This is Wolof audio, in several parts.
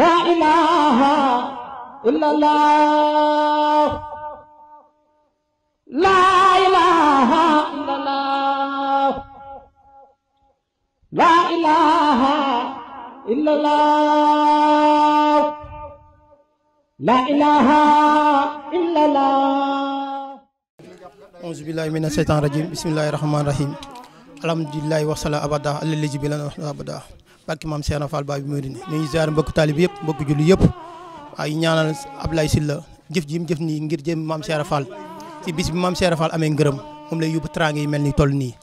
la ilaha illallah la ilaha illallah la ilaha illallah la ilaha illallah auzu billahi mina shaytani rajim bismillahi rahmani rahim alhamdulillahi wa sala abada alladhi bi lana abada barki maam Seena Fall Baay bi mu di ñu ngi ziar mbokku taalib yëpp mbokku julli yëpp waaye ñaanal Ablaye Sylla jëf ji mu jëf nii ngir jëm maam Seena Fall ci bis bi maam Seena Fall amee ngërëm moom lay yóbbu trang yi mel ni toll nii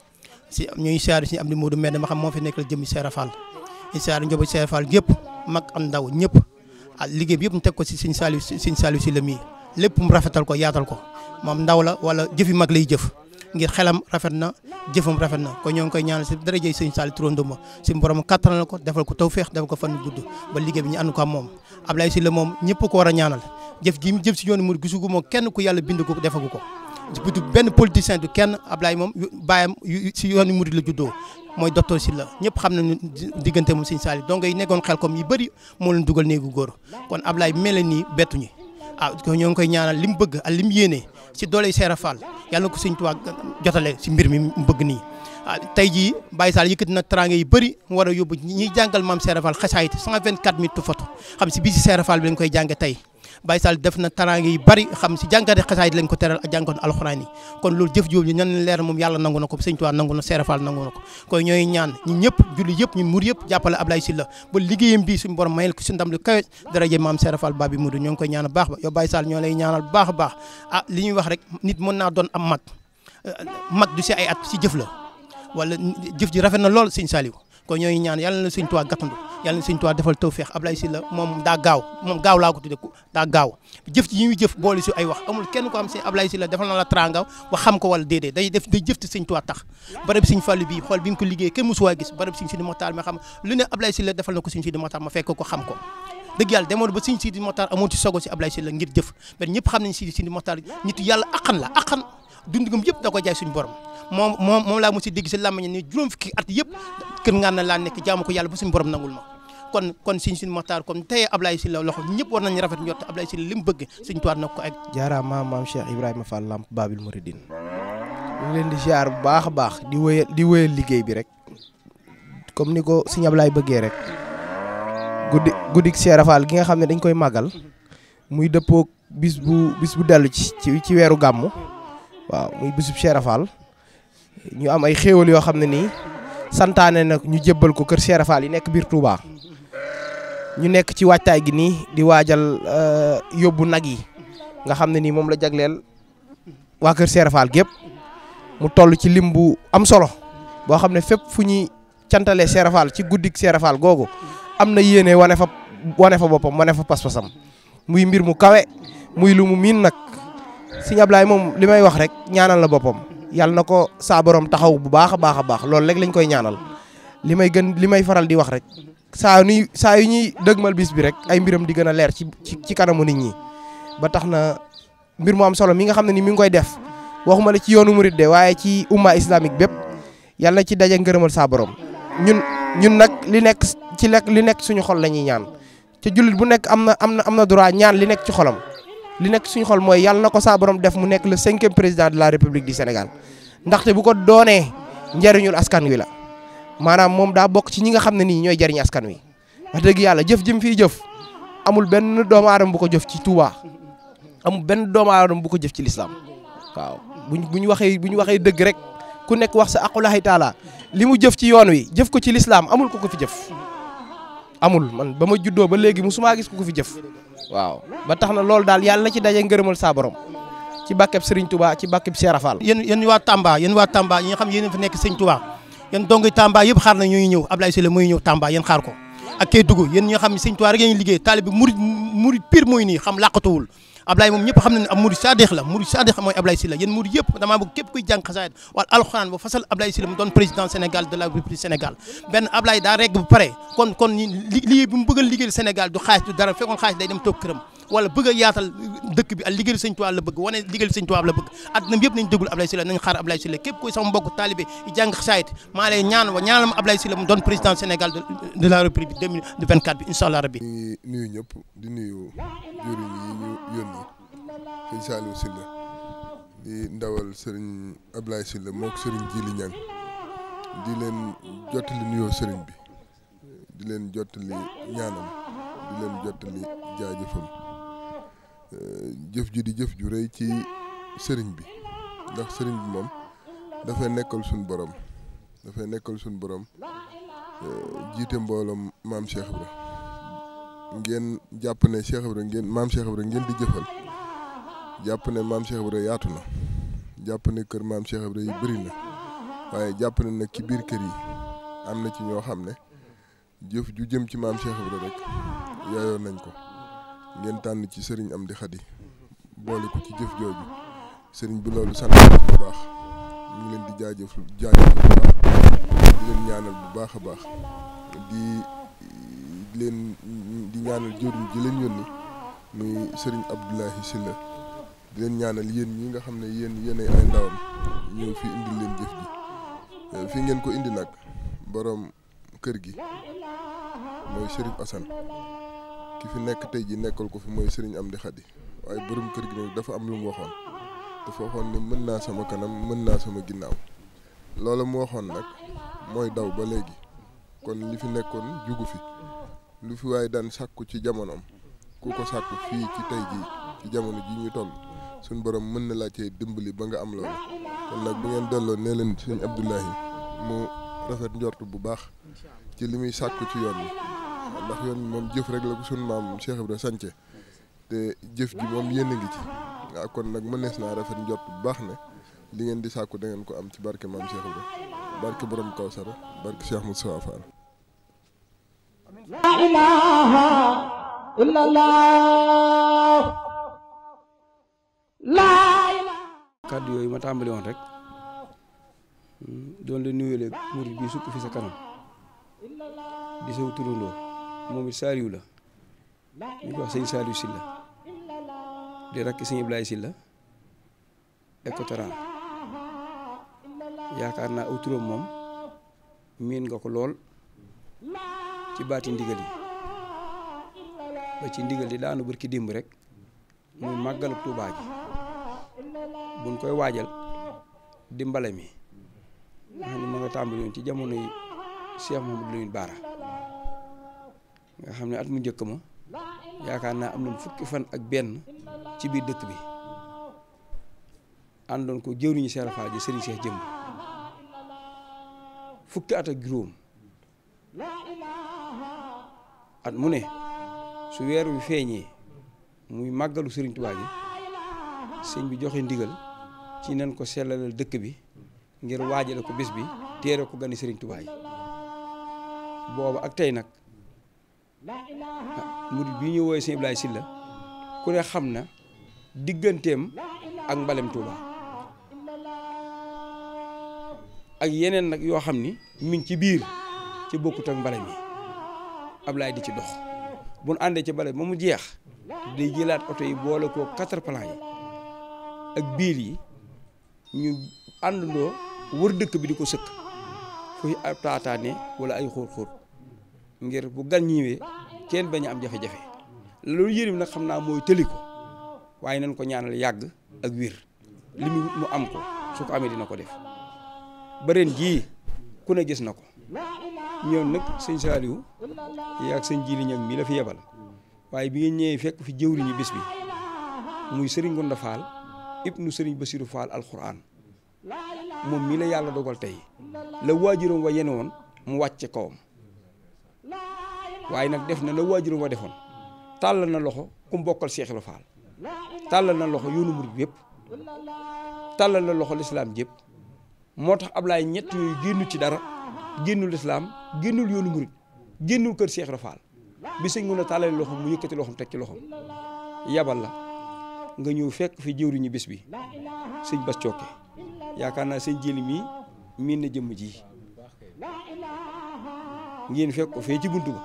si ñuy ziar si am di Modou Mbène ma xam moo fi nekk jëmmi Seena Fall di ziar njaboot Seena Fall yëpp mag am ndaw ñëpp ah liggéey yëpp teg ko si Sëñ Saliou Sëñ Saliou Sylla mii lépp mu rafetal ko yaatal ko moom ndaw la wala jëfi mag lay jëf ngir xelam rafet na jëfam rafet na kon ñoo ngi koy ñaanal si dara jëy sëñ Saliou Touré si borom kattanal ko defal ko tawféex defal ko fan gudd ba liggéey bi ñu ànd ko am moom Ablaye Sylla moom ñëpp ko war a ñaanal jëf ji mu jëf si yoonu mu gisugu moo kenn ku yàlla bind ko defagu ko du benn politicien kenn Ablaye moom bàyyam si yoonu murid la juddoo mooy docteur Sylla ñëpp xam nañu diggante moom sëñ Saliou donc yi nekkoon xel comme yi bëri moo leen dugal néegu góor kon Ablaye mel nii bettuñu ah ñoo ngi koy ñaanal li mu bëgg ak li mu yéene si doole Seera Fall yàlla na ko Sëñ Tuubaa jotale si mbir mi bëgg nii ah, tey jii Baye Sall yëkkati na teraanga yu bëri mu war a yóbbu ñiy jàngal maam Seera Fall xasaayit 124 000 tu foto xam si bii si Seera Fall bi koy jànge tey bay saal def na taraange yu bari xam si jàngate xasaayit lañ ko teral ak jàngoon alxuraan kon loolu jëf jooju ñan leer na ko sëñ Tuubaa nangu na seerafal nangu na ko kon ñooy ñaan ñun ñëpp julli yëpp ñun mur yëpp jàppale Ablaye Sylla ba liggéeyam bi suñu borom mayel ko si ndam lu kawe daraje maam seerafal ba bi mudu ñoo koy ñaan baax ba yow Baye Sall ñoo lay ñaanal baax a baax ah li ñuy wax rek nit mën naa doon am mag eh, mag du si ay at si jëf la wala jëf ji rafet na lool sëñ Saliou ko ñooy ñaan yàlla na sëñ Tuubaa gàttandu yàlla na sëñ Tuubaa defal tawféex Ablaye Sylla moom daa gaaw moom gaaw laa ko tudde daa gaaw jëf ci yi jëf boole si ay wax amul kenn ko xam sëñ Ablaye Sylla defal na la tranga wax xam ko wala ma xam ko xam ko dëgg yàlla demoon ba sëñ Sidi Moxtaar amoon ci sogo si Ablaye Sylla ngir jëf mais ñëpp xam nañ Sidi Sidi Moxtaar nit yàlla aqan la aqan dundugam yëpp da ko jaay suñu borom moom moom moom laa mos a dégg si làmmiñ ni juróom fukki at yëpp kër ngaan laa nekk jaamu ko yàlla bu suñu borom nangul ma kon kon siñ sin maxtaar kon tey si Sylla loxo ñëpp war nañu rafet njort Ablaye Sylla li mu bëgg suñ tuwaat nag ko ak jaaraama maam Cheikh Ibrahima Fall Lamp Babil Mouridine ñu leen di ziar bu baax a baax di wéyal di wéyal liggéey bi rek comme ni ko sëñ Ablaye bëggee rek guddi guddik Cheikh Fall gi nga xam ne dañ koy màggal muy dëppook bis bis bu dellu ci ci weeru gàmmu waaw muy bisub Cheikh Fall ñu am ay xéewal yoo xam ne nii santaane nag ñu jébbal ko kër Cheikh Fall yi nekk biir Touba ñu nekk ci waajtaay gi nii di waajal euh, yóbbu nag yi nga xam ne nii moom la jagleel waa kër Cheikh Fall gépp mu toll ci lim bu am solo boo xam ne fépp fu ñuy cantalee Cheikh Fall ci guddik Cheikh Fall googu am na yéene wane fa wane fa boppam wane fa pas muy mbir mu kawe muy lu mu miin nag sëñ Ablaye moom li may wax rek ñaanal la boppam yàlla na ko saa taxaw bu baax a baax a baax loolu rek lañ koy ñaanal li may gën li may faral di wax rek saa nuy saa yu ñuy mal bis bi rek ay mbiram di gën a leer ci ci kanamu nit ñi ba tax na mbir mu am solo mi nga xam ne ni mi ngi koy def waxuma la ci yoonu mu murid de waaye ci umma islamique bépp yàlla ci daje ngërëmal saa borom ñun ñun nag li nekk ci lekk li nekk suñu xol la ñuy ñaan te jullit bu nekk am na am na am na droit ñaan li nekk ci xolam li nekk suñu xol mooy yàlla na ko saa borom def mu nekk le cinquième président de la république du Sénégal ndaxte bu ko doonee njariñul askan wi la maanaam moom daa bokk ci ñi nga xam ne nii ñooy jariñ askan wi wax dëgg yàlla jëf jëm fi jëf amul benn doomu aadama bu ko jëf ci Touba amul benn doomu aadama bu ko jëf ci lislaam waaw buñ buñ waxee buñ waxee dëgg rek ku nekk wax sa aqulahi taala li mu jëf ci yoon wi jëf ko ci lislaam amul ko ko fi jëf amul man ba ma juddoo ba léegi mu su gis ku ko fi jëf waaw ba tax na loolu daal yàlla na ci daje ngërëmal saa borom ci bàkkeb Serigne Touba ci bàkkeb Cheikh Fall yéen yéen waa Tamba yen waa Tamba yi nga xam yéen fi nekk Serigne Touba Tamba yëpp xaar na ñuy ñëw Ablaye Sylla muy ñëw Tamba yéen xaar ko ak Kédougou yéen ñi nga xam ne Serigne Touba rek ngeen liggéey taalibe murid murid pire mooy nii xam làqatuwul Ablaye moom ñëpp xam nañ ne ab murid saadix la murid saadix mooy Ablaye Sylla yéen murid yëpp damaa bëgg képp kuy jàng xasaayit wala alxuraan ba fasal Ablaye Sylla mu doon président Sénégal de la République Sénégal benn Ablaye daa regg bu pare kon kon liggéey bi mu bëgg a liggéeyal Sénégal du xaalis du dara fekkoon xaalis day dem toog këram wala bëgg a yaatal dëkk bi ak liggéeyal Sëñ Tuubaa la bëgg wane liggéeyal Sëñ Tuubaa la bëgg àdduna bi yëpp nañ déglu Ablaye Sylla nañ xaar Ablaye Sylla képp kuy sama mbokk taalibe yi jàng xasaayit maa lay ñaan wa ñaanal ma Ablaye Sylla mu doon président Sénégal de la République 2024 bi incha allah rabbi nuyu ñëpp di nuyu jëriñ yi ñu yónni sëñ Saliou Sylla di ndawal sëriñ Ablaye Sylla mook sëriñ Jili Ñang di leen jottali nuyoo sëriñ bi di leen jottali ñaanam di leen jottali jaajëfam eh, jëf ji di jëf ju rëy ci sëriñ bi ndax sëriñ bi moom dafay nekkal suñu boroom dafay nekkal suñu boroom eh, jiite mbooloom maam Cheikh Ibra ngeen jàpp ne Cheikh rek ngeen maam Cheikh Ibra ngeen di jëfal jàpp ne maam Cheikh yaatu na jàpp ne kër maam Cheikh yi bëri na waaye jàpp ne nag ci biir kër yi am na ci ñoo xam ne jëf ju jëm ci maam Cheikh rek yaayoon nañ ko ngeen tànn ci sëriñ Amdi Xadi boole ko ci jëf jooju sëriñ bi loolu sant bu baax ñu leen di jaajëf jaajëf bu baax di leen ñaanal bu baax a baax di leen di ñaanal jëriñ ji leen yónni muy sëriñ Abdoulahi Sylla di leen ñaanal yéen ñi nga xam ne yéen yéenay ay ndawam ñëw fi indi leen jëf ji euh, fi ngeen ko indi nag boroom kër gi mooy Chérif Assane ki fi nekk tey ji nekkal ko fi mooy am Amdi Khady waaye borom kër gi nag dafa am lu mu waxoon dafa waxoon ne mën naa sama kanam mën naa sama ginnaaw loola mu waxoon nag mooy daw ba léegi kon li fi nekkoon jugu fi lu fi waaye daan sàkku ci jamonoom ku ko sàkku fii ci tey ji ci jamono ji ñu toll suñ boroom mën na laa cee dimbali ba nga am loolu kon nag bi ngeen delloo nee leen sëñ Abdoulahi mu rafet njort bu baax ci li muy sàkku ci yoon bi ndax yoon bi moom jëf rek la ko suñ maam Cheikh Ibrahima sance te jëf ji moom yéen a ngi ci waaw kon nag mënees naa rafet njort bu baax ne li ngeen di sàkku da ngeen ko am ci barke maam Cheikh Ibrahima barke borom Kawsara barke Cheikh Moussa Fall la ilaha kàddu yooyu ma tàmbali woon rek hmm, doon la nuyulee murit bi sukk fi sa kanam di saw turandoo moom it saariw la ñu ko wax sëñ saariw silla di rakki sëñ Ibrahima silla ekotoraan yaakaar naa aw moom miin nga ko lool ci baati ndigal yi ba ci ndigal yi daanu barki dimb rek muy màggal Tuubaa gi buñ koy waajal di mbale mi nga xam ne ma nga tàmbali woon ci jamono yi Cheikh Mamadou Lamine Bara nga xam ne at mu njëkk ma yaakaar naa am na fukki fan ak benn ci biir dëkk bi àndoon ko jëwriñu Cheikh Fall ji Serigne Cheikh jëmm fukki at ak juróom at mu ne su weer wi feeñee muy màggalu Serigne Touba ji sëñ bi joxe ndigal ci nañ ko sellalal dëkk bi ngir waajale ko bis bi téere ko gani sëriñ Tuubaa yi boobu ak tey nag murid bi ñu woowee sëñ Ibrahima Silla ku ne xam na digganteem ak mbalem Tuubaa ak yeneen nag yoo xam ni mi ngi ci biir ci bokkut ak mbalem ab Ablaye di ci dox bu nu àndee ci mbalem ba mu jeex day jëlaat oto yi boole ko quatre plan yi ak biir yi ñu àndandoo wër dëkk bi di ko sëkk fuy ay taataane wala ay xóot-xóot ngir bu gan ñëwee kenn bañ am jafe-jafe loolu yërim nag xam naa mooy tëli ko waaye nañ ko ñaanal yàgg ak wiir li mu am ko su ko amee dina ko def ba ren jii ku ne gis na ko ñoom nag sëñ Saliou yi ak sëñ Jili ñoom mii la fi yebal waaye bi ngeen ñëwee fekk fi jëwriñu bis bi muy Serigne Gonda ibnu sëriñ Basiru Faal alxuraan moom mii la yàlla dogal tey la waajuram wa yene woon mu wàcce kawam waaye nag def na la waajuram wa defoon tàllal na loxo ku mbokkal Seex Faal tàllal na loxo yoonu murid bi yëpp tàllal na loxo lislaam jépp moo tax ab laay ñett yooyu génnu ci dara génnul lislaam génnul yoonu murid génnul kër Seex Ibra Faal bi sëñ mun a tàllale loxo mu yëkkati loxom teg ci loxom yabal la nga ñëw fekk fi jëwriñu bis bi sëñ Bass Thioké yaakaar naa sëñ jëli mii miin na jëmm ji ngeen fekk ko fee ci buntu ba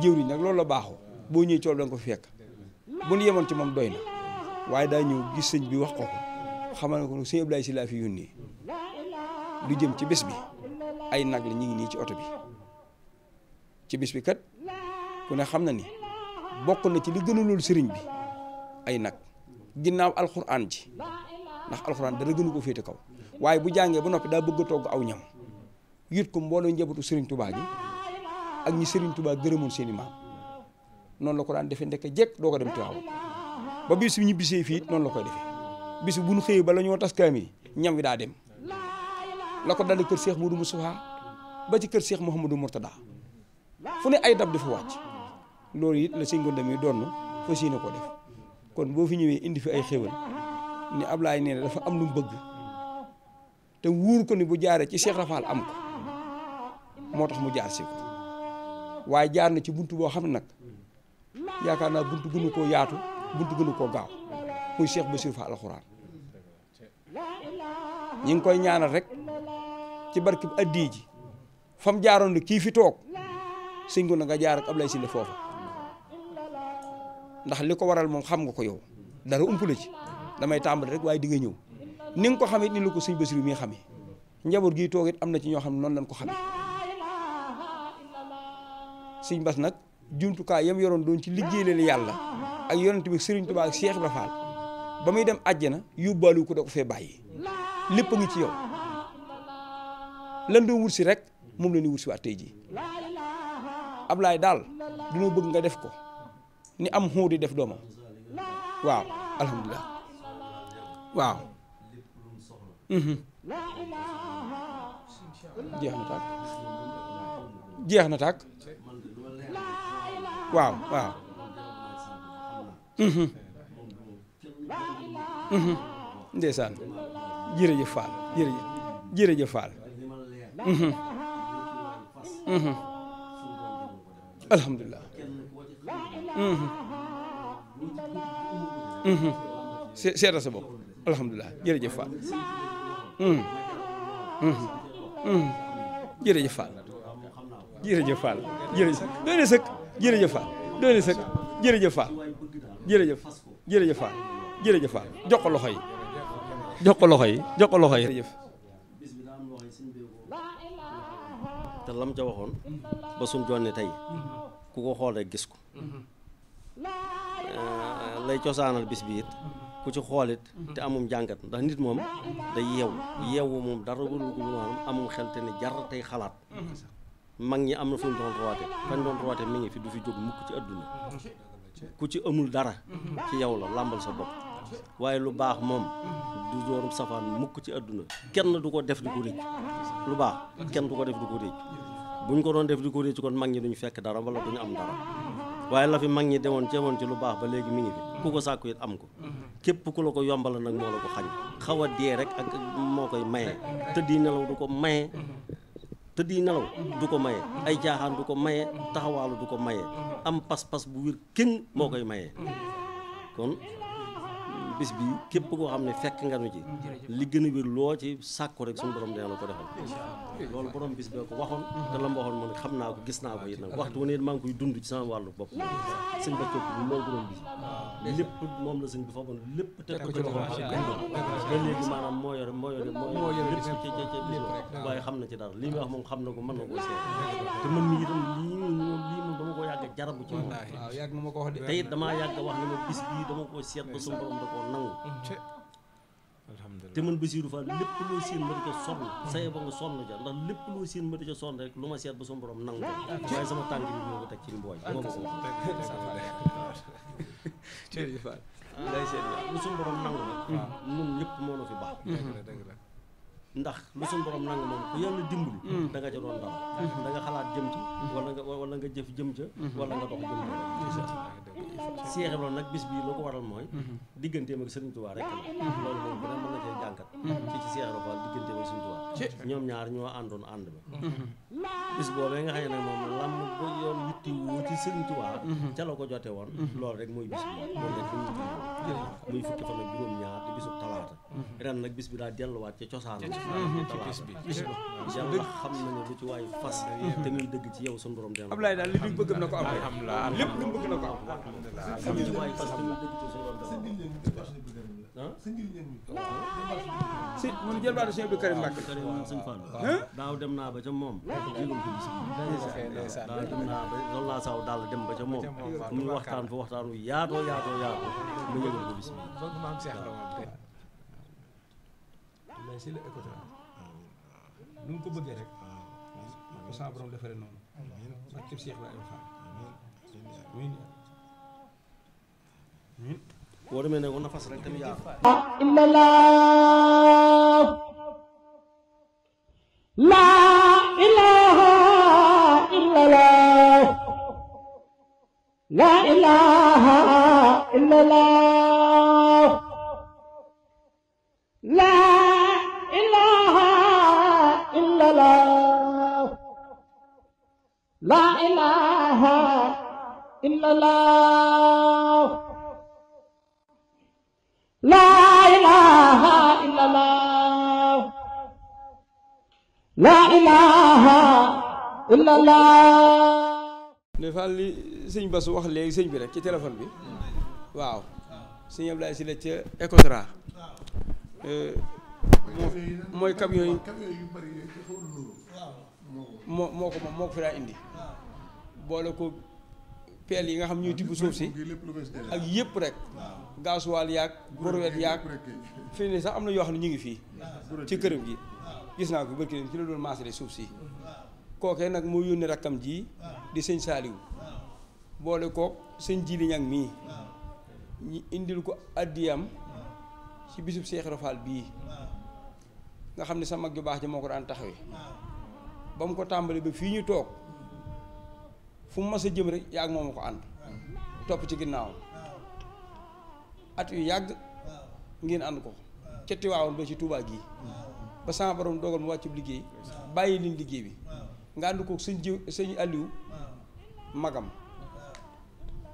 jëwriñ nag loolu la baaxoo boo ñëwee cool da ko fekk bu ci moom doy na daa ñëw gis sëñ bi wax ko ko xamal na ko ne sëñ si laa fi yónnee lu jëm ci bés bi ay nag la ñu ngi nii ci oto bi ci bis bi kat ku ne xam na ni bokk na ci li gën a sëriñ bi ay nag. ginnaaw alxuraan ji ndax alxuraan dara gënu ko féete kaw waaye bu jàngee ba noppi daa bëgg a togg aw ñam yit ko mbooloo njabootu Serigne Touba yi ak ñi Serigne Touba gërëmoon seen i maam noonu la ko daan defee ndekk jekk doo ko dem Tiwaaw ba bis bi ñu fii noonu la koy defee bis bu nu xëyee ba la ñoo tas kaami ñam wi daa dem la ko dale kër seex Cheikh Modou Moustapha ba ci kër seex Cheikh Mouhamadou Mourtada fu ne ay dab dafa wàcc loolu it la sëñ Gonda mi doon fas yéene ko kon boo fi ñëwee indi fi ay xéwal ni Ablaye nee na dafa am lu mu bëgg te wóor ko ni bu jaaree ci Cheikh Rafal am ko moo tax mu jaar si ko waaye jaar na ci bunt boo xam ne nag yaakaar naa bunt gënu koo yaatu buntu gënu koo gaaw muy Cheikh Bassirou Fall alxuraan ñi ngi koy ñaanal rek ci barkib addi ji fam jaaroon ne kii fi toog sëñ ko na nga jaar ak Ablaye Sylla foofa ndax li ko waral moom xam nga ko yow dara umpale ci damay tàmbali rek waaye di nga ñëw ni nga ko xamit ni la ko sëñ Basiru mi xamee njaboot gi toog am na ci ñoo xam ne noonu lañ ko xamee sëñ Bas nag jumtukaay yam yoroon doon ci liggéey leen yàlla ak yonent bi Sëriñ Tuubaa ak Cheikh Ibra Fall ba muy dem àjjana yóbbaalu ko da ko fee bàyyi lépp a ngi ci yow lan doon wut si rek moom la ñuy wut si waat tey jii Ablaay daal dañoo bëgg nga def ko ni am xuur di def doomam waaw alhamdulilah waaw mhm. jeex na tàkk jeex na tàkk waaw waaw mhm. Mhm. ndeysaan jërëjëf Fall jërëjëf jërëjëf Fall alhamdulilah seeta sa bopp alhamdulilah hmm. hmm. hmm. jërëjëf Fall jërëjëf Fall jërëjëf Fall jërëjëf doy na sëkk jërëjëf Fall doy na sëkk jërëjëf Fall jërëjëf jërëjëf Fall jërëjëf Fall jox loxo yi jox ko loxo yi jox loxo yi jërëjëf te lam ca waxoon ba suñ jonni tey ku ko xool gis ko mm-hmm. Euh, lay cosaanal bis ku ci xoolit te amum jàngat ndax nit moom day yeewu yeewu moom dara warul ko moom amum xel te ne jar tey xalaat mag ñi am na fu ñu doon roote fañ doon roote mi ngi fi du fi jóg mukk ci àdduna ku ci amul dara ci yow la làmbal sa bopp waaye lu baax moom du doorum safaan mukk ci àdduna kenn du ko def di ko rëcc lu baax kenn du ko def di ko rëcc buñ ko doon def di ko rëcc kon mag ñi duñu fekk dara wala duñu am dara waaye la fi mag ñi demoon ceemoon ci lu baax ba léegi mu ngi fi ku ko sàkku it am ko képp ku la ko yombal nag moo la ko xañ xaw a dee rek ak moo koy maye tëddi nelaw du ko maye tëddi nelaw du ko maye ay jaaxaan du ko maye taxawaalu du ko maye am pas-pas bu wér kenn moo koy maye kon bis bi képp koo xam ne fekk nga nu ci li gën a wér loo ci sàkku rek suñu borom dina la ko defal loolu borom bis bi ko waxoon te la ma waxoon xam naa ko gis naa ko it nag ba cokk bi moo gënoon bis la sëñ bi foogoon lépp teg ko ci loxo ba léegi maanaam moo yore moo yore moo yore lépp ci ci ci bis waaye xam na ci dara li muy wax moom xam na ko mën na koo seet te lii moom dama ko yàgg jarabu ci moom te damaa yàgg wax ne ma bis bii dama koo seet suñu borom da ko ko nangu. Mhm. alhamdulilah te man Basiirou Fall lépp loo seen ma di ca sonn. sa ba nga sonn ja ndax lépp loo seen ma di ca sonn lu ma seet bu sama borom nangu ko. waaye sama tànk bi moo ko teg ci mbooy. moo ko ko teg ci mbooy. suñu borom nangu la. ñun hmm. ñëpp moo na fi baax. ndax lu suñu borom nangu moom ku yàlla dimbali mm. da nga ca doon daw da xalaat jëm ci mm-hmm. wala nga nga jëf jëm ca mm-hmm. wala nga dox jëm ca Seex Ibra nag bis bii loo ko mooy mm-hmm. digganteem ak Sëriñ Tuubaa rek la loolu moom bu ne mën na cee jànkat ci ci Seex Ibra ñaar ñoo àndoon ànd ba bis nga xam ne moom lam ba yoon yitti wu ci Sëriñ Tuubaa ca la ko jote woon loolu rek mooy bis bi moom rek muy fukki fan ak juróom ñaar di bisu talaata ren nag bis bi daa delluwaat ca cosaan Mhm. ci bis bi bis ba yàlla xam na ne lu ci waay fas te muy dëgg ci yow suñu borom dana Ablaye daal li ñu bëgg na ko am alhamdulilah lépp lu mu bëgg na ko am xam ci waay fas te muy dëgg ci suñu borom dana ah? si mun jël baatu sëñ Abdou Karim Mbacke ah, sëñ Fall daaw dem naa ba ca moom jégum ko bis daaw dem naa ba loolu laa saw daal dem ba ca moom muy waxtaan fa waxtaan wu yaatoo yaatoo yaatoo mu yëgal ko bis bi Abdoulaye la ilaha illa la li fal li sëñ Basu wax léegi sëñ bi rek ci téléphone bi waaw sëñ Ablaye si la ca Ecotra euh, mooy camion yi moo ko moom moo ko fi daa indi boole ko peel yi nga xam ñuy tibb suuf si ak yëpp rek gaasuwaal yaag borowet yaag fii nii sax am na yoo xam ne ñu ngi fii ci këram gi gis naa ko bërki ci la doon maasale suuf si kookee nag moo yónni rakkam ji di sëñ saaliw boole kook sëñ jili ñag mii ñu indil ko addiyam ci bisub Seex Rafaal bii nga xam ne sa mag ju baax ji moo ko daan taxawee ba mu ko tàmbali ba fii ñu toog fu ma mas a jëm rek yaa moom ko ànd topp ci ginnaaw at yu yàgg ngeen ànd ko ca Tiwaawoon ba ci Tuubaa gii ba sama borom dogal mu wàcc liggéey bàyyi leen liggéey bi nga ànd ko sëñ jiw sëñ Aliou magam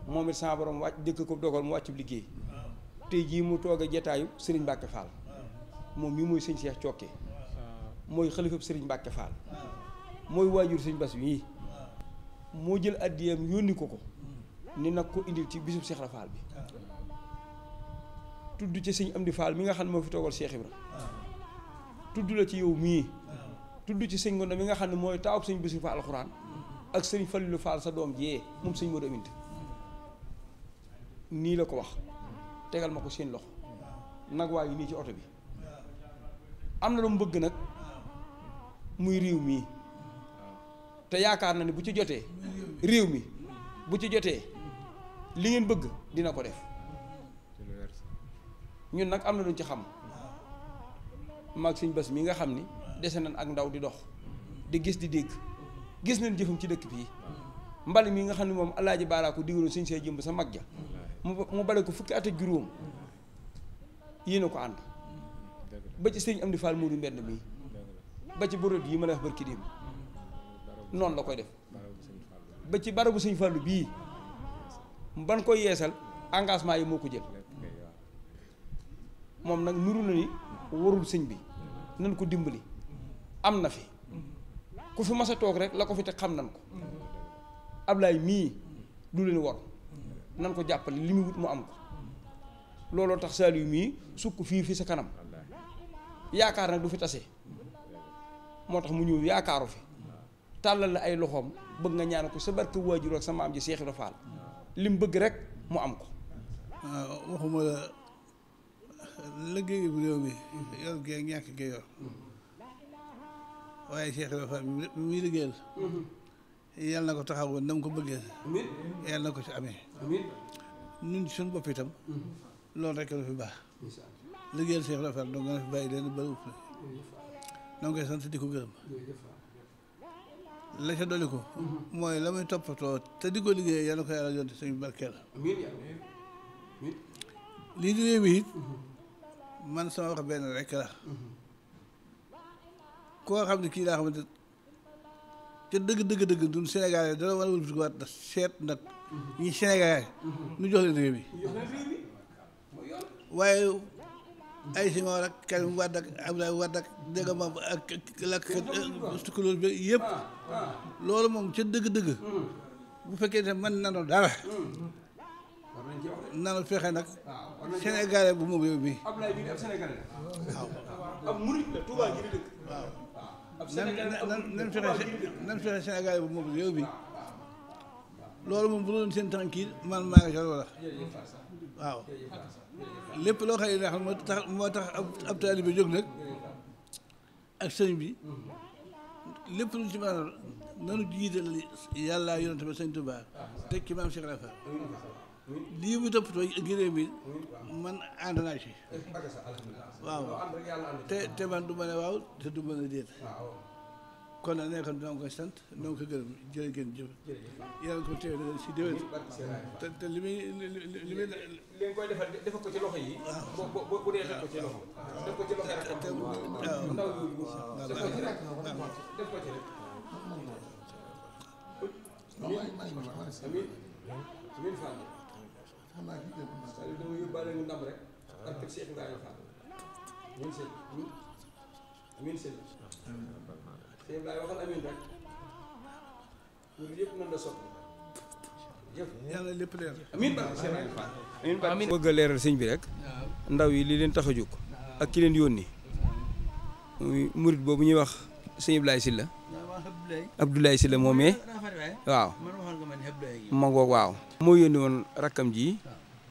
moom it borom wàcc ko dogal wàcc liggéey tey jii mu toogee jataayu sëriñ Mbàkke Fall moom mii mooy sëñ Seex Cokke mooy xalifab sëriñ Mbàkke Fall mooy waajur sëñ Bas wi moo jël addiyam yónni ko ko ni nag ko indil ci bisub Cheikh Ibra bi tudd ci sëñ Amdi Fall mi nga xam ne moo fi toogal Cheikh Ibra tudd la ci yow mii tudd ci sëñ Ngondo mi nga xam ne mooy taawub sëñ Basiru Fall alxuraan ak sëñ Falilu Fall sa doom jiyee moom sëñ Modou Aminta nii la ko wax tegal ma ko seen loxo nag yi nii ci oto bi am na lu mu bëgg nag muy réew mii te yaakaar na ne bu ci jotee réew mi bu ci jotee li ngeen bëgg dina ko def ñun nag am na luñ ci xam maag suñ bas mi nga xam ni dese nan ak ndaw di dox di gis di dégg gis nañ jëfum ci dëkk bii mbali mi nga xam ne moom alaaji baaraa ko digaloon suñ see jëmb sa mag ja mu bale ko fukki at ak juróom yii na ko ànd ba ci sëñ Amdi Fall Moodu Mbend mii ba ci borod yi ma la wax barki noonu la koy def ba ci barabu sëñ Fallou bii ban koy yeesal engagement yi moo ko jël moom nag nuru na ni warul sëñ bi nañ ko dimbali am na fi ku fi mas a toog rek la ko fi te xam nan ko Ablaye mii du leen war nan ko jàppale li mu wut mu am ko looloo tax Saliou mii sukk fii fi sa kanam yaakaar nag du fi tase moo tax mu ñëw yaakaaru fi tàllal la ay loxoom bëgg nga ñaan ko sa barke waajur ak sama maam ji Cheikh Ibra Fall li mu bëgg rek mu am ko. waaw waxuma la liggéeyu réew mi. yor gi na ko taxaw na mu ko bëggee. amiin na ko ci amee. amiin ñun ci suñu bopp itam. Mm-hmm. loolu rek la fi baax. liggéeyal Cheikh Ibra Fall dong nga fi bàyyi leen ba ëpp. donc sant di ko gërëm. la ca dolli ko mooy la muy toppatoo te di ko liggéey yàlla ko yàlla yonte suñu barkeel lii di réew mi man sama wax benn rek la koo xam ne kii laa xamante ca dëgg dëgg dëgg dun Sénégalais dara war a wul bisiwaat da seet nag ñi Sénégalais nu mm-hmm. jox leen réew mi waaye ay Senghor ak Karim Wade ak Abdoulaye Wade ak dégg moom ak lakk Tukulóor bi yëpp ah, ah. loolu moom ca dëgg-dëgg hmm. bu fekkee ne man nanu dara hmm. nanu fexe nag ah, sénégalais bu moom yow mii waaw waaw nan nan fexe nan bu moom yow mii loolu moom bu doon seen man maa ngi wala waaw lépp loo xam ne daal moo tax moo tax ab taalibe ak sëñ bi lépp lu ci maanaam nanu jiital yàlla yonent ba sëñ Tuubaa teg ci maam Cheikh Rafa lii bu toppatoo ak réew mi man ànd naa ci te te man du ma ne waaw te du ma kon nag nekkoon dina ko sant dina ko gërëm jërë ngeen jëf. yàlla ko teew na si déwén. te te li muy li muy. li koy defal defal ko ci loxo yi. boo boo bu dee def ko ci loxo. def ko ci loxo yi rek. waaw ndaw yi def ko ci rek. def ko ci rek. amiin Fall. dama yóbbaale ñu ndam rek. ak teg Cheikh Ibrahima Fall. amiin sëñ amiin sëñ sëñ leeral sëñ bi rek. ndaw yi li leen tax a jóg. ak ki yónni. murit boobu ñuy wax sëñ Ibrahima Sylla. Abdoulaye Sylla moomee. waaw. ma ngoog waaw. moo yónni woon rakkam ji.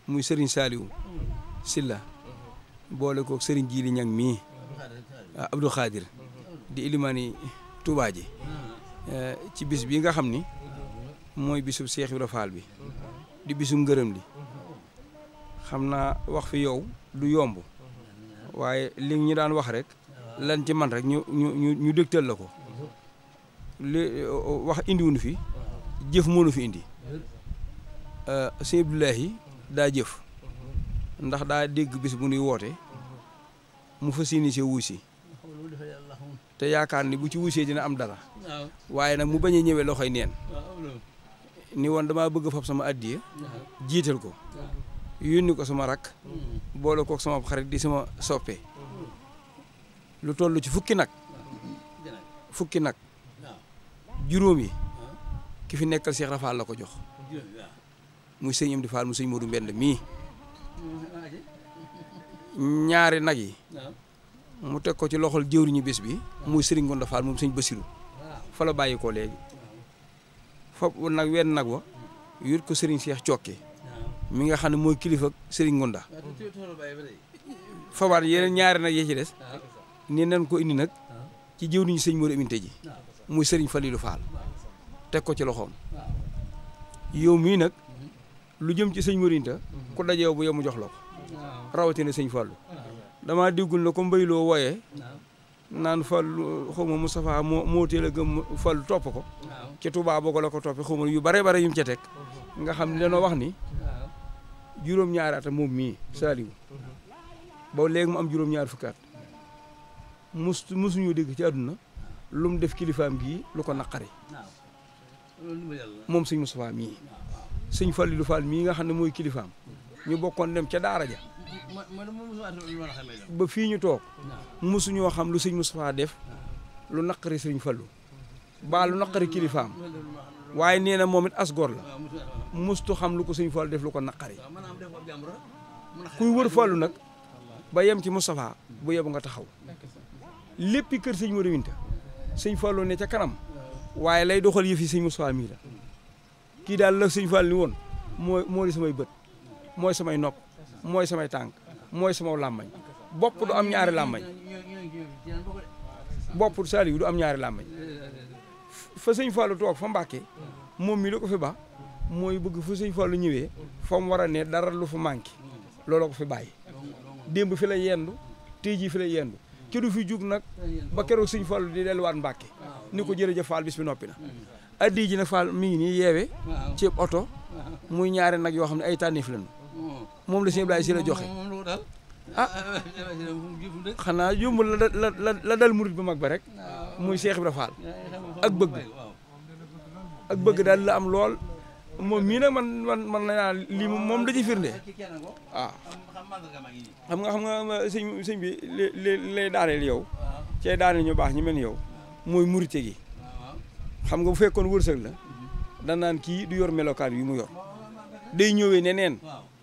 muy sëriñ Saliou Sylla. Mm-hmm. boole koog Serigne Jili Ñang mii. Abdou Khadir. Ah, mm-hmm. di Ilimani. Touba ji eh, ci bis bi nga xam ni mooy bisub Seex Ibra Faal bi di bisum ngërëm li xam naa wax fi yow du yomb waaye li ñu daan wax rek lan ci man rek ñu ñu ñu ñu dégtal la ko li wax indiwuñu fi jëf mënu fi indi eh, sëñ Abdoulahi daa jëf ndax daa dégg bis bu ñuy woote mu fas yéene si wuy si te yaakaar ni bu ci wusee dina am dara waaye nag mu bañ a ñëwee loxoy neen ni woon damaa bëgg fab sama addiya jiital ko yónni ko sama rakk hmm. boole kook sama xarit di sama soppe lu toll ci fukki nag fukki nag juróom ki fi nekkal Cheikh Rafaal la ko jox muy sëñ Amdi Fall mu sëñ Modou Mbend mii ñaari nag yi mu teg ko ci loxol jëwriñu bés bi muy Serigne Gonda Fall moom sëñ Basiru fa la bàyyi ko léegi foofu nag wenn nag wa yut ko sëriñ Cheikh Cokke mi nga xam ne mooy kilifa Serigne Gonda fabaat yeneen ñaari nag yee ci des ah, ni nañ ko indi nag ah. ci jëwriñu sëñ Mor Aminte ji ah, muy sëriñ Falilou Fall teg ko ci loxoom yow mii nag mm-hmm. lu jëm ci sëñ Mor Aminte mm-hmm. ku dajeew bu yow mu jox la rawatina sëñ Fallou damaa déggul na ko mbayloo wooyee naan fal xaw ma Moustapha moo moo teel a gëm fal topp ko ci Touba ba ko la ko toppee yu bare bare yu mu ca teg mhm. nga xam ne dañoo wax ni juróom-ñaari at moom mii mhm. Saliou mhm. ba léegi mu am juróom-ñaari fukkaat mus musuñu dégg ci àdduna lu def kilifaam gii luko ko moom sëñ Moustapha mii sëñ Falilou Fall mii nga xam ne mooy kilifaam ñu bokkoon dem ca daara ja ba fii ñu toog mosuñoo xam lu sëñ Moustapha def lu naqari sëñ Fallou baa lu naqari kilifaam waaye nee na moom it as góor la mustu xam lu ko sëñ Fallou def lu ko naqari kuy wër Fallou nag ba yem ci Moustapha bu yebu nga taxaw léppi kër sëñ Modou Winta sëñ ne ca kanam waaye lay doxal yëf yi sëñ kii daal la sëñ Fallou ni woon moo di samay bët mooy samay nopp mooy samay tànk mooy sama làmmañ bopp du am ñaari làmmañ bopp Saliou du am ñaari làmmañ fa sëñ Fallou toog fa Mbàkke moom mi la ko fi ba mooy bëgg fa sëñ Fallou ñëwee fa war a ne dara lu fu manqué looloo ko fi bàyyi démb fi la yendu tey jii fi la yendu ki fi jug nag ba keroog sëñ Fallou di delluwaat Mbàkke ni ko jëre Fall bis bi noppi na addi ji nag mi ngi nii yeewe ci oto muy ñaari nag yoo xam ne ay tànneef lañu moom la sëñ Ablaye ah. si la joxe ah xanaa yomb la la la dal murit bu mag ba rek muy Cheikh Ibra Fall ak bëgg ak bëgg daal la am lool moom mii nag man man man la naa lii moom da ci firnde waaw ah. xam nga xam nga sëñ bi li lay daaneel yow ah. cee daaneel ñu baax ñi mel ni yow mooy murite gi xam nga bu fekkoon wërsëg la mm-hmm. danaan kii du yor melokaan wi mu yor day ñëwee neneen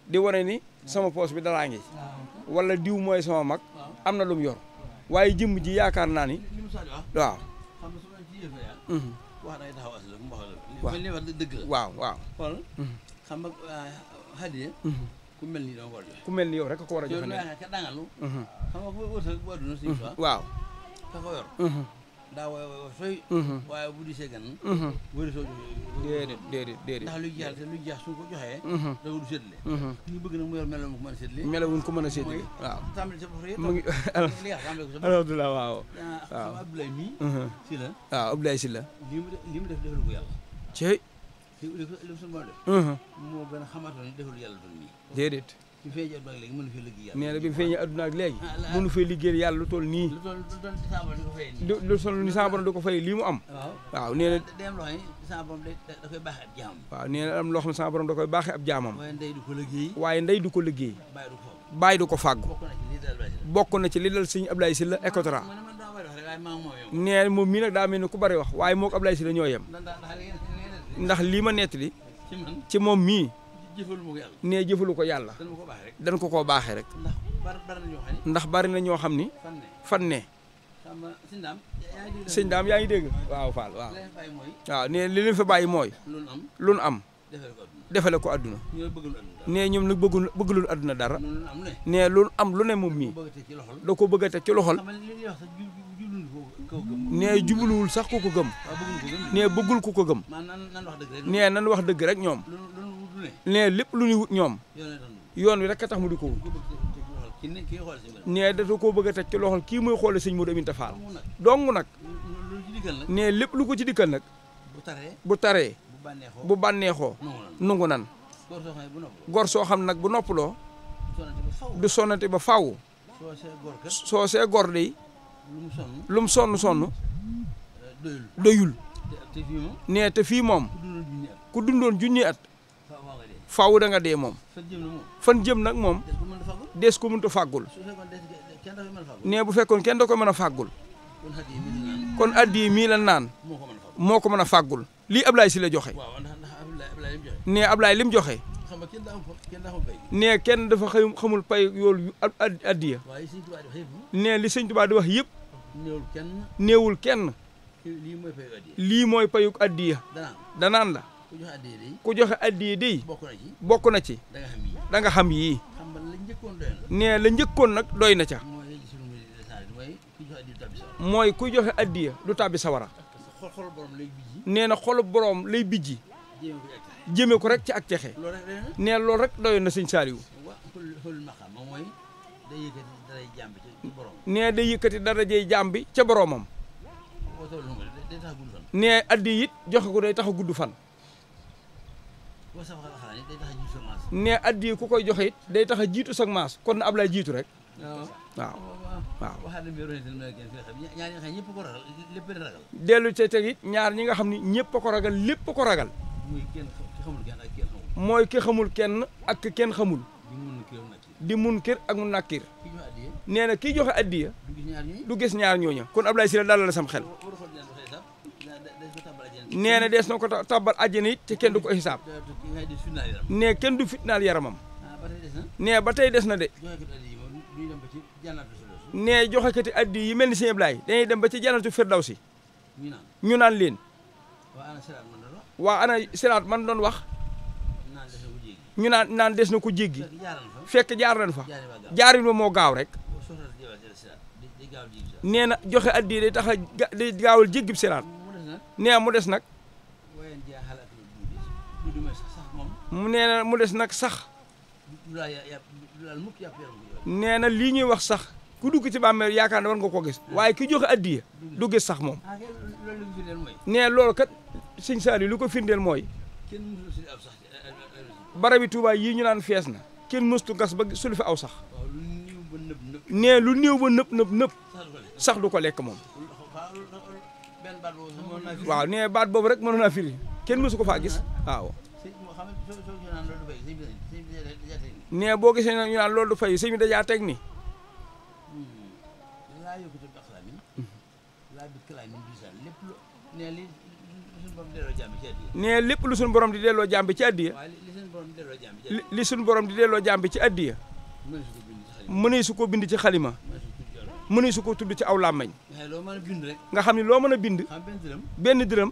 di wane ni sama poos bi dalaa ngi wala diw mooy sama mag am na lu mu yor waaye jëmm ji yaakaar naa ni waaw ah. waaw waaw xam nga hadiya mel ni ku mel ni yow daa wooy wooy sooy mhm. waaye bu disee gan mhm. wëri soo déedéet déedéet déedéet ndax luy jeex te luy jeex a ko joxee mhm. dafa du séddale ñu bëgg na mu yor melo mu ko mën a séddale melo wuñ ko mën a séddale waaw tàmbali sa bopp mu ngi alhamdulilah waaw waaw Abdoulaye mii si la waaw Abdoulaye si la li mu li mu def defalu ko yàlla cey li li gën a xamaatoon ni defalu yàlla doon nii déedéet nee na bi mu feeñee adduna ak léegi ah, mënu fee liggéeyal yàlla lu nii lu toll ni sa borom ko fay lii mu am waaw nee na waaw nee na am loo xam ne sa borom da koy baaxee ab jaamam waaye ndey du ko liggéey bàyyi du ko fàggu bokk na ci li dal sëñ Ablaye Sylla Ecotra nee moom mii nag daa mel ku bari wax waaye moo ko Ablaye Sylla ñoo yem ndax lii ma nettali ci moom mii nee jëfalu ko yàlla. dañ ko koo baaxee rek. ndax bari na ñoo xam ni. fan ne. sëñ daam yaa ngi dégg waaw Fall waaw. waaw nee li leen fa bàyyi mooy. lu nu am. defale ko adduna. nee ñoom nag bëggul bëggulul adduna dara. nee lu am lu ne moom mii. da ko bëgg a teg ci loxol. nee jubluwul sax ku ko gëm. nee bëggul ku ko gëm. nee nan wax dëgg rek ñoom. ne lépp lu ñuy wut ñoom yoon wi rek a tax mu di ko wut ne dafa koo bëgg a teg ci loxol kii mooy xoole sëñ Modou Aminta Fall dong nag ne lépp lu ko ci dikkal nag bu taree bu bànneexoo nungu nan gor soo xam nag bu noppaloo du sonnati ba faw soo see gor de lu mu sonn sonn eh, doyul nee te fii moom ku dundoon junni at faaw danga dee moom fan jëm nag moom des ko mënta fàggul nee bu fekkoon kenn da ko mën a fàggul kon addi mii la naan moo ko mën a fàggul lii Ablaye si la joxe nee Ablaye lim joxe nee kenn dafa xëy xamul pay yoolu addiya nee li sëñ Tuubaa di wax yépp néewul kenn lii mooy payuk addiya danaan la ku joxe addiye day ku joxe addiye bokk na ci bokk na ci da nga xam yii da nga xam yii nee la njëkkoon nag doy na ca mooy kuy joxe addiya du tàbbi sawara nee na xolu boroom lay bijji jëmee ko rek ci ak texe nee lool rek doyoon na sëñ Saaliw nee day yëkkati darajey jaam bi ca boroomam nee addi it joxe ko day tax a gudd fan ne addi ku koy joxe day tax a jiitu sag maas kon na Ablaye jiitu rek. waaw waaw dellu ca teg it ñaar ñi nga xam ni ñëpp a ko ragal lépp a ko ragal. mooy ki xamul kenn ak kenn xamul. di mun kër ak mu nàkkir. nee na kiy joxe addiya du gis ñaar ñooña kon Ablaye Sylla dalal la sam xel. nee na dees na ko tabbal àjjana it kenn du ko xisaab nee kenn du fitnaal yaramam nee ba tey des na de nee joxe joxekati addi yi mel ni sëñ Ablaay dañuy dem ba ci jannatu firdawsi ñu naan leen waa ana siraat man doon wax ñu naan naan des na ko jéggi fekk jaar nañ fa jaarin ba moo gaaw rek nee na joxe addi day tax a gaawal jéggib siraat nee mu des nag mu nee na mu des nag sax nee na lii ñuy wax sax ku dugg ci bàmmeel yaakaar ne war nga koo gis waaye ki joxe addiya du gis sax moom nee loolu kat sëñ Saliou lu ko firndeel mooy barabi Tuubaa yii ñu naan fees na kenn mëstu gas ba sulu aw sax nee lu néew ba nëpp nëpp nëpp sax du ko lekk moom waaw nee baat boobu rek mënoon na firi kenn mësu ko faa gis waaw. nee boo gisee ñu naan lool du fay sëñ bi dajaa teg ni nee lépp lu suñu borom di delloo jàmbi ci addiya li suñu borom di delloo jàmbi ci addiya mënee su ko bind ci xalima mënu su ko tudd ci aw làmmañ nga xam ne loo mën a bind benn dërëm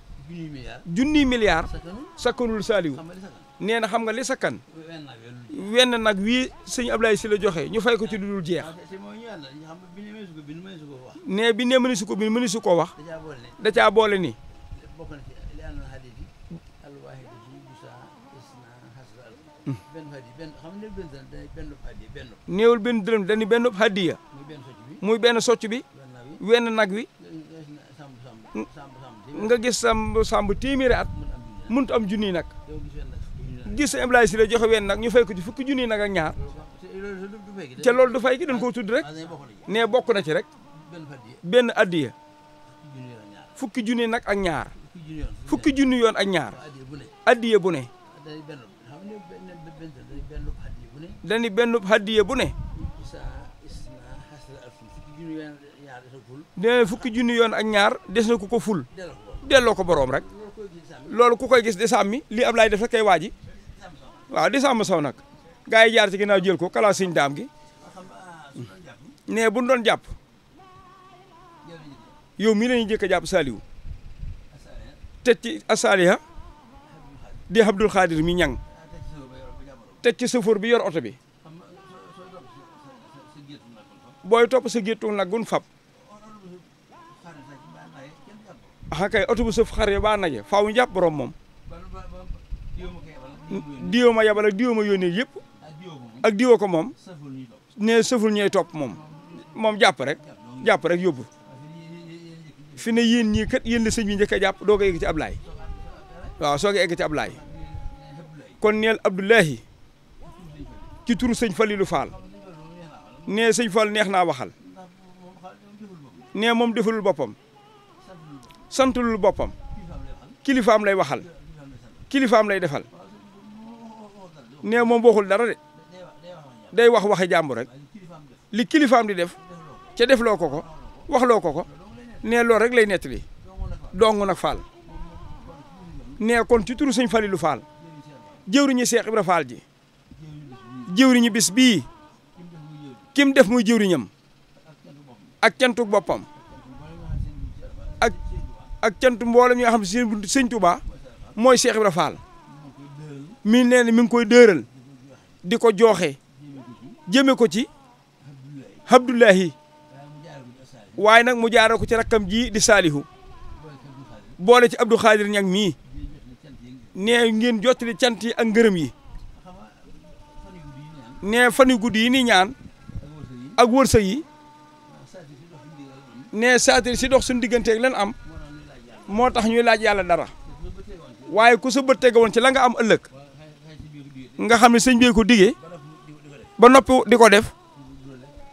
junniy milliard sakkanul saaliw nee na xam nga li sakkan wenn nag wii sëñ Ablaye si la joxe ñu fay ko ci dudul jeex nee bi ne mënu su ko bind mënu su ko wax da caa boole ni néewul benn dërëm dañu benn hadiya muy benn socc bi wenn nag wi nga gis samb samb téeméeri at mënut am junniy nag gis Abdoulaye Sylla joxe wenn nag ñu fay ko ci fukki junniy nag ak ñaar te loolu du fay ki dañ koo tudd rek nee bokk na ci rek benn addiya fukki junni nag ak ñaar fukki junni yoon ak ñaar addiya bu ne dañu benn addiya bu ne ne fukki junni yoon ak ñaar des na ku ko ful delloo ko boroom rek loolu ku koy gis di sàmmi li am laay def rek kay waa ji waaw di sàmm saw nag gars yi jaar ci na jël ko kala siñ daam gi ne bu ñu doon jàpp yow mii jëkk a jàpp Saliou teg ci di Abdul Xaadir mi ñang teg ci sëfoor bi yor oto bi booy topp sa géttu nag gun fab xa kay oto bu sëf xar yi baa naje faaw jàpp borom moom diwo ma yabal ak diwo yëpp ak diwo ko moom ne sëful ñooy topp moom moom jàpp rek jàpp rek yóbbu fi ne yéen ñii kat yéen la sëñ njëkk jàpp doo ko egg ci Ablaay waaw soo ko egg ci Ablaay kon neel Abdoulahi ci turu sëñ Falilou Fall nee sëñ Fall neex na waxal nee moom defalul boppam santul boppam kilifaam lay waxal kilifaam lay defal nee moom dara de day wax waxe jàmbu rek li kilifaam di def ca def loo ko ko wax loo ko ko nee loolu rek lay nettali dong nag faal nee kon ci turu sëñ Falilu Faal jëwriñu Seex Ibra Faal ji jëwriñu bis bii kim def muy jëwriñam ak cantuk boppam ak cantu mboole ñi nga xam si sëñ Touba mooy Cheikh Ibra Fall mi nee na mi ngi koy dëral di ko jooxe jëme ko ci Abdoulahi waaye nag mu jaare ko ci rakkam ji di Saalihu boole ci Abdou Khadir ñag mii nee ngeen jottali cant yi ak ngërëm yi nee fan yu guddi yi ni ñaan ak wërsëg yi nee saatiri si dox suñu digganteeg leen am moo tax ñuy laaj yàlla dara waaye ku sa bët tege woon ci la nga am ëllëg nga xam ne sëñ bi ko digee ba noppi di ko def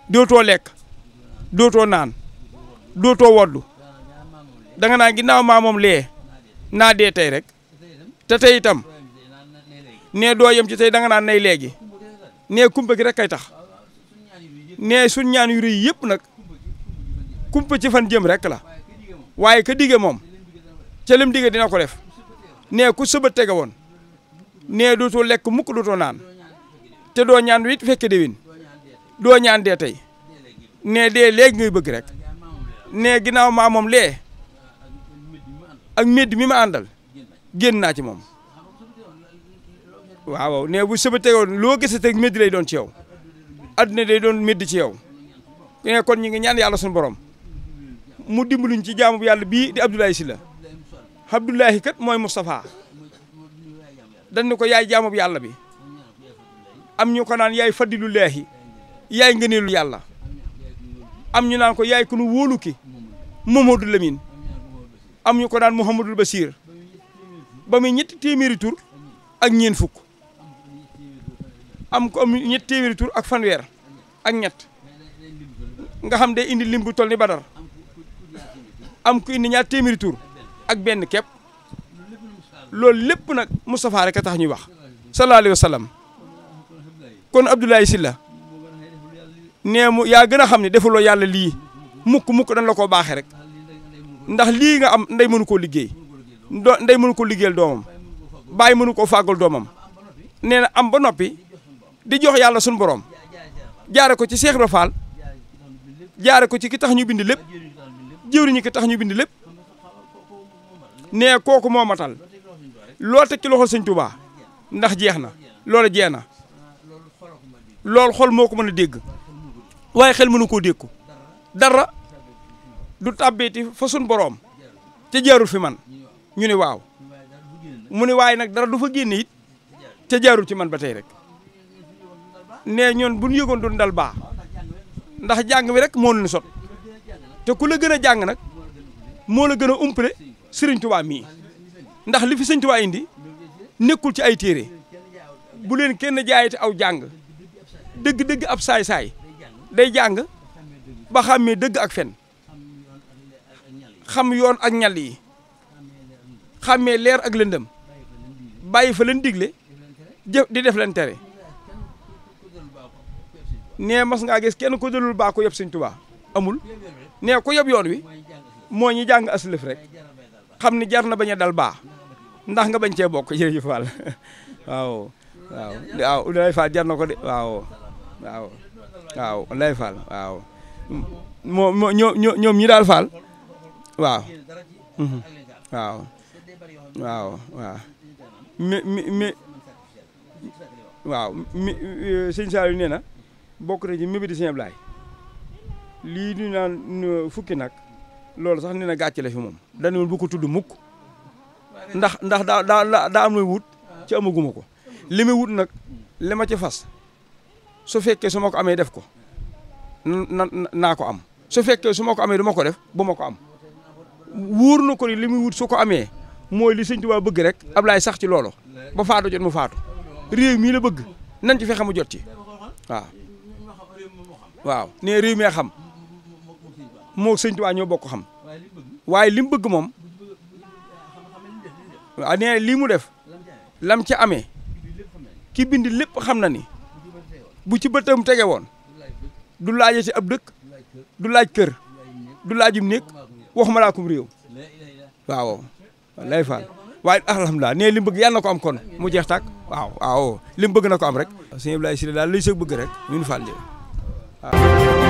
dootoo lekk dootoo naan dootoo woddu danga naa ginnaaw maa moom lee naa dee tey rek te tey itam nee doo yem ci tey danga naan nay léegi nee kumpa gi rek kay tax nee suñ ñaan yu yëpp nag kumpa ci fan jëm rek la waaye ka dige moom ca lim digg dina ko def nee ku sëba tege woon nee dootoo lekk mukk dootoo naan te doo ñaan wit fekke déwén doo ñaan dee tey nee dee léegi ngay bëgg rek nee ginnaaw maa moom lee ak médd mi ma àndal génn naa ci moom waaw nee bu sëba tege woon loo gis te médd lay doon ci yow adduna day doon médd ci yow nee kon ñi ngi ñaan yàlla suñu borom mu dimbaluñ ci jaamu yàlla bii di Abdoulaye Sylla Abdullahi kat mooy Moustapha dañ ne ko yaay jaamub yàlla bi am ñu ko naan yaay fadilullahi yaay ngëneelu yàlla am ñu naan ko yaay ku nu wóolu ki Momadou Lamine am ñu ko naan Mouhamadul Basir ba muy ñetti téeméeri tur ak ñeen fukk am ko ñetti téeméeri tur ak fanweer ak ñett nga xam de indi lim bu toll ni Badar am ku indi ñaar téeméeri tur. ak benn kepp loolu lépp nag Moustapha rek ñuy wax sallallahu alayhi wa sallam kon Abdoulaye Sylla nee yaa gën a xam ne defuloo yàlla lii mukk mukk dañ la ko baaxee rek ndax lii nga am ndey mënu koo liggéey do ndey mënu ko liggéeyal doomam bàyyi mënu koo fàggal doomam nee na am ba noppi di jox yàlla suñu boroom jaare ko ci Cheikh Ibra Fall jaare ko ci ki ñu bind lépp jëwriñu ki ñu bind lépp nee kooku moo matal loo teg ci loxo sëñ Touba ndax jeex na loolu jeex na loolu xol moo ko mën a dégg waaye xel mënu koo dégg dara du tàbbeeti fa suñ boroom ca jaarul fi man ñu ne waaw mu ne waaye nag dara du fa génne it te jaarul ci man ba tey rek nee ñoon bu ñu yëgoon du dal baa ndax jàng bi rek moo nu sot te ku la gën a jàng nag moo la gën a umpale sëriñ tubaa mii ndax li fi sëriñ tubaa indi nekkul ci ay téere bu leen kenn jaayati aw jàng dëgg-dëgg ab saay-saay day jàng ba xàmmee dëgg ak fen xam yoon ak ñal yi xàmmee leer ak lëndam bàyyi fa leen di def leen tere nee mas ngaa gis kenn ko dalul baa ko yëpp sëriñ tubaa amul nee ko yëpp yoon wi moo ñi jàng aslëf rek xam ni jar na bañ a dal baa ndax nga bañ cee bokk jërëjëf Fall jar na ko de waaw waaw waaw waaw daal Fall waaw mhm. waaw waaw waaw mi mi mi waaw mi sëñ Saliou nee na bokk na ci mébéti sëñ Ablaye lii ñu naan euh, fukki nag loolu sax nee na gàcce la fi moom dañu bu ko tudd mukk ndax ndax daa daa daa am na wut ci amaguma ko li ma wut nag li ma ci fas su fekkee su ma ko amee def ko na naa ko am su fekkee su ma ko amee du ma ko def bu ma ko am wóor na ko ni li muy wut su ko amee mooy li sëñ Tuubaa bëgg rek laay sax ci loolo ba faatu jot mu faatu réew mii la bëgg nañ ci fexe mu jot ci waaw waaw nee réew mee xam moo sëñ waa ñoo bokk xam waaye li bëgg moom waaw ah, nee lii mu def lam ca ame ki bind lépp xam na ni bu ci bëtam tege woon du laaj ci ab dëkk du laaj kër du laajum néeg waxuma laa kum réew waaw lay faal waaye alhamdulilah nee li mu bëgg yàlla na ko am kon mu jeex tàkk waaw waaw li bëgg na ko am rek sëñ Abdoulaye Sylla daal luy sëg bëgg rek ñun faal waaw